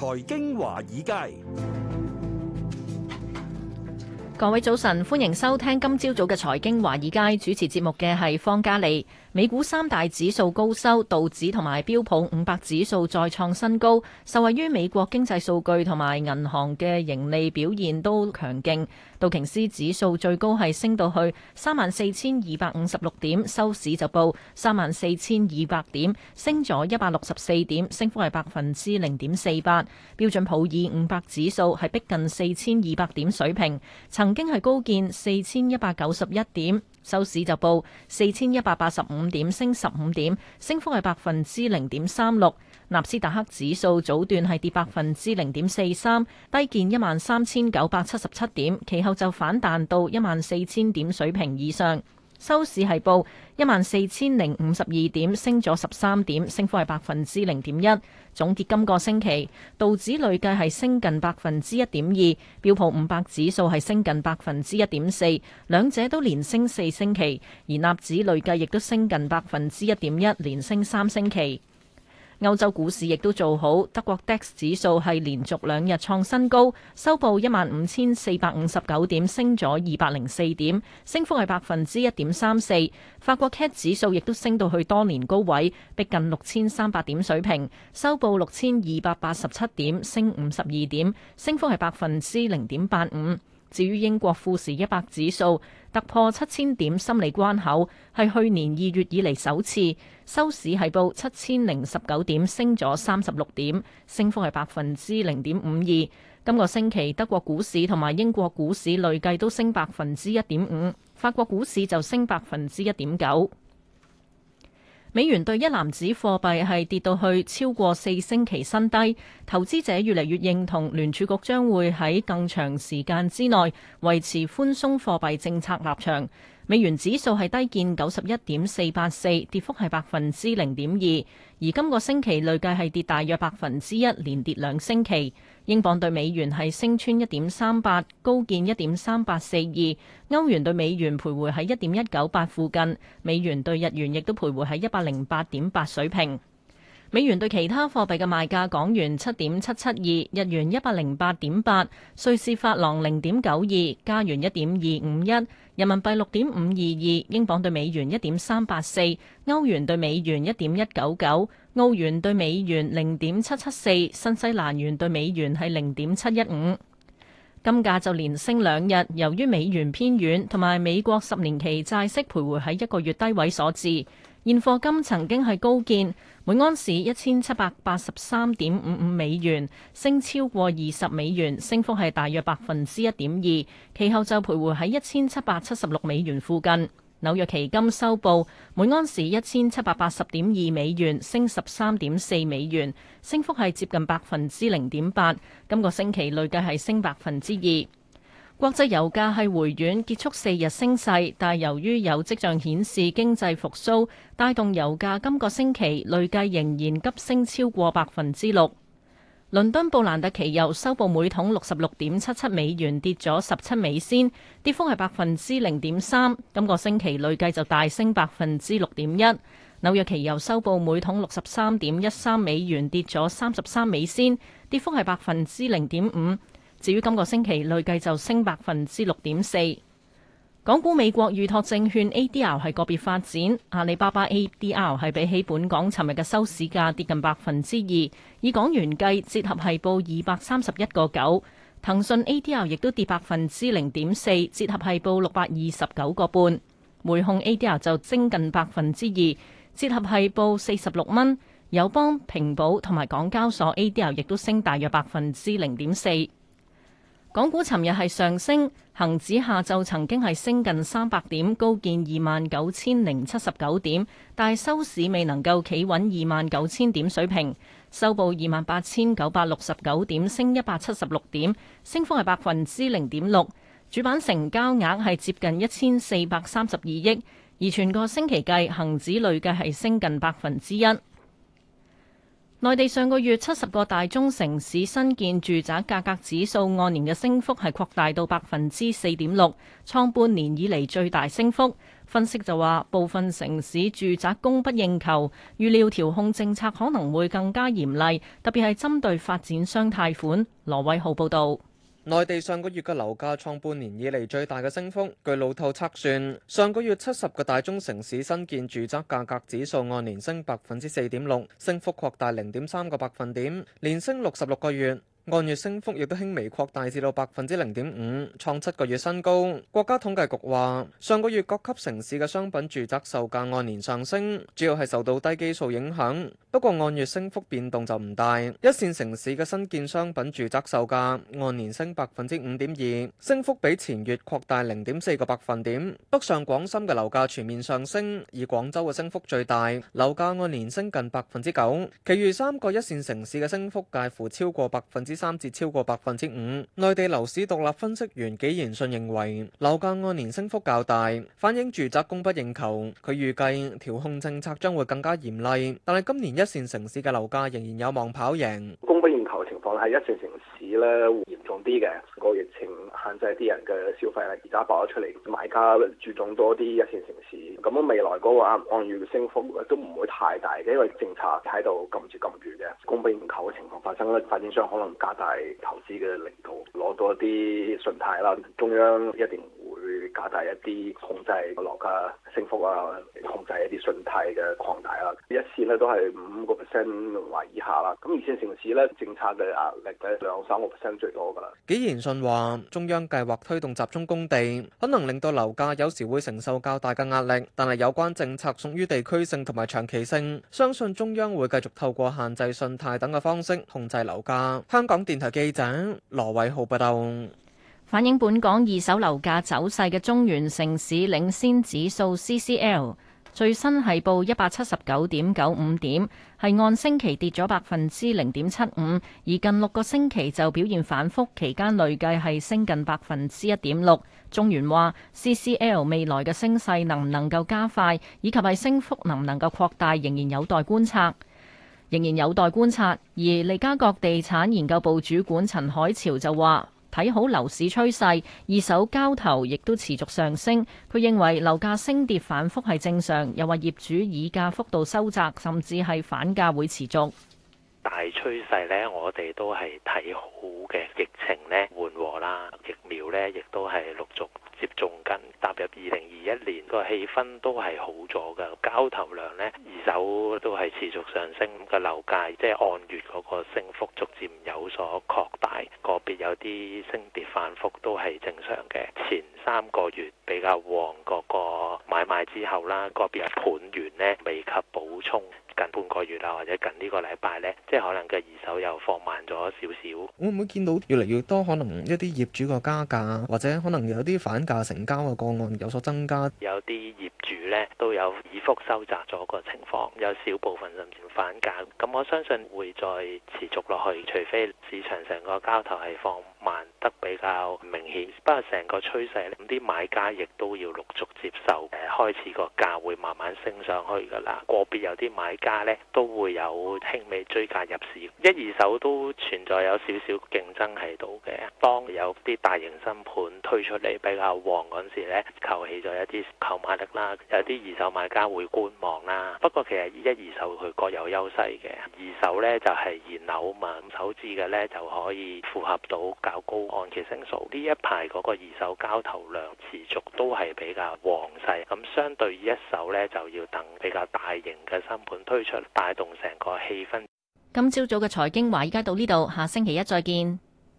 財經華爾街。各位早晨，歡迎收聽今朝早嘅財經華爾街。主持節目嘅係方嘉莉。美股三大指數高收，道指同埋標普五百指數再創新高，受惠於美國經濟數據同埋銀行嘅盈利表現都強勁。道瓊斯指數最高係升到去三萬四千二百五十六點，收市就報三萬四千二百點，升咗一百六十四點，升幅係百分之零點四八。標準普爾五百指數係逼近四千二百點水平。曾經係高見四千一百九十一點，收市就報四千一百八十五點，升十五點，升幅係百分之零點三六。納斯達克指數早段係跌百分之零點四三，低見一萬三千九百七十七點，其後就反彈到一萬四千點水平以上。收市係報一萬四千零五十二點，升咗十三點，升幅係百分之零點一。總結今個星期，道指累計係升近百分之一點二，標普五百指數係升近百分之一點四，兩者都連升四星期。而納指累計亦都升近百分之一點一，連升三星期。歐洲股市亦都做好，德國 DAX 指數係連續兩日創新高，收報一萬五千四百五十九點，升咗二百零四點，升幅係百分之一點三四。法國 CAC 指數亦都升到去多年高位，逼近六千三百點水平，收報六千二百八十七點，升五十二點，升幅係百分之零點八五。至於英國富時一百指數，突破七千點心理關口，係去年二月以嚟首次收市係報七千零十九點，升咗三十六點，升幅係百分之零點五二。今個星期德國股市同埋英國股市累計都升百分之一點五，法國股市就升百分之一點九。美元兌一籃子貨幣係跌到去超過四星期新低，投資者越嚟越認同聯儲局將會喺更長時間之內維持寬鬆貨幣政策立場。美元指數係低見九十一點四八四，跌幅係百分之零點二，而今個星期累計係跌大約百分之一，連跌兩星期。英鎊對美元係升穿一點三八，高見一點三八四二。歐元對美元徘徊喺一點一九八附近，美元對日元亦都徘徊喺一百零八點八水平。美元對其他貨幣嘅賣價：港元七點七七二，日元一百零八點八，瑞士法郎零點九二，加元一點二五一，人民幣六點五二二，英鎊對美元一點三八四，歐元對美元一點一九九，澳元對美元零點七七四，新西蘭元對美元係零點七一五。金價就連升兩日，由於美元偏軟，同埋美國十年期債息徘徊喺一個月低位所致。現貨金曾經係高見每安士一千七百八十三點五五美元，升超過二十美元，升幅係大約百分之一點二。其後就徘徊喺一千七百七十六美元附近。紐約期金收報每安士一千七百八十點二美元，升十三點四美元，升幅係接近百分之零點八。今個星期累計係升百分之二。國際油價係回軟，結束四日升勢，但由於有跡象顯示經濟復甦，帶動油價今個星期累計仍然急升超過百分之六。倫敦布蘭特期油收報每桶六十六點七七美元，跌咗十七美仙，跌幅係百分之零點三。今個星期累計就大升百分之六點一。紐約期油收報每桶六十三點一三美元，跌咗三十三美仙，跌幅係百分之零點五。至於今個星期累計就升百分之六點四，港股美國預託證券 A D R 係個別發展。阿里巴巴 A D R 係比起本港尋日嘅收市價跌近百分之二，以港元計折合係報二百三十一個九。騰訊 A D R 亦都跌百分之零點四，折合係報六百二十九個半。匯控 A D R 就增近百分之二，折合係報四十六蚊。友邦、平保同埋港交所 A D R 亦都升大約百分之零點四。港股尋日係上升，恒指下晝曾經係升近三百點，高見二萬九千零七十九點，但係收市未能夠企穩二萬九千點水平，收報二萬八千九百六十九點，升一百七十六點，升幅係百分之零點六。主板成交額係接近一千四百三十二億，而全個星期計，恒指累計係升近百分之一。內地上個月七十個大中城市新建住宅價格指數按年嘅升幅係擴大到百分之四點六，創半年以嚟最大升幅。分析就話部分城市住宅供不應求，預料調控政策可能會更加嚴厲，特別係針對發展商貸款。羅偉豪報導。內地上個月嘅樓價創半年以嚟最大嘅升幅，據路透測算，上個月七十個大中城市新建住宅價格指數按年升百分之四點六，升幅擴大零點三個百分點，連升六十六個月。按月升幅亦都輕微擴大至到百分之零點五，創七個月新高。國家統計局話，上個月各級城市嘅商品住宅售價按年上升，主要係受到低基數影響。不過按月升幅變動就唔大。一線城市嘅新建商品住宅售價按年升百分之五點二，升幅比前月擴大零點四個百分點。北上廣深嘅樓價全面上升，以廣州嘅升幅最大，樓價按年升近百分之九。其餘三個一線城市嘅升幅介乎超過百分之。三折超過百分之五。內地樓市獨立分析員紀賢信認為，樓價按年升幅較大，反映住宅供不應求。佢預計調控政策將會更加嚴厲，但係今年一線城市嘅樓價仍然有望跑贏。供不應求嘅情況係一線城市咧嚴重啲嘅，個疫情限制啲人嘅消費，而家爆咗出嚟，買家注重多啲一,一線城市。咁未來嗰個按月升幅都唔會太大嘅，因為政策喺度禁住禁住嘅，供不應求嘅情況發生咧，發展商可能加大投資嘅力度，攞到一啲信貸啦，中央一定。加大一啲控制個樓價升幅啊，控制一啲信貸嘅擴大啦。呢一線呢都係五個 percent 或以下啦。咁二線城市咧，政策嘅壓力咧，兩三個 percent 最多噶啦。紀賢信話，中央計劃推動集中供地，可能令到樓價有時會承受較大嘅壓力。但係有關政策屬於地區性同埋長期性，相信中央會繼續透過限制信貸等嘅方式控制樓價。香港電台記者羅偉浩報道。反映本港二手樓價走勢嘅中原城市領先指數 CCL 最新係報一百七十九點九五點，係按星期跌咗百分之零點七五，而近六個星期就表現反覆期間累計係升近百分之一點六。中原話 CCL 未來嘅升勢能唔能夠加快，以及係升幅能唔能夠擴大，仍然有待觀察，仍然有待觀察。而利嘉閣地產研究部主管陳海潮就話。睇好樓市趨勢，二手交投亦都持續上升。佢認為樓價升跌反覆係正常，又話業主議價幅度收窄，甚至係反價會持續。大趨勢呢，我哋都係睇好嘅。疫情呢緩和啦，疫苗呢亦都係陸續接種緊，踏入二零二一年個氣氛都係好咗嘅。交投量呢，二手都係持續上升，咁個樓價即係按月嗰個升幅逐漸有所擴大，個別有啲升跌反覆都係正常嘅。前三個月比較旺嗰個買賣之後啦，個別盤源呢未及補充。近半個月啦，或者近呢個禮拜咧，即係可能嘅二手又放慢咗少少。會唔會見到越嚟越多可能一啲業主個加價，或者可能有啲反價成交嘅個案有所增加，有啲業主咧都有議幅收窄咗個情況，有少部分甚至反價，咁我相信會再持續落去，除非市場成個交投係放慢得比較明顯，不過成個趨勢呢。咧。咁啲買家亦都要陸續接受，誒開始個價會慢慢升上去噶啦。個別有啲買家咧都會有輕微追價入市，一二手都存在有少少競爭係度嘅。當有啲大型新盤推出嚟，比較旺嗰陣時咧，求起咗一啲購買力啦。有啲二手買家會觀望啦。不過其實一二手佢各有優勢嘅。二手咧就係現樓嘛，咁首置嘅咧就可以符合到較高按揭成數。呢一排嗰個二手交投量持續都係比較旺勢，咁相對一手呢，就要等比較大型嘅新盤推出，帶動成個氣氛。今朝早嘅財經華，依家到呢度，下星期一再見。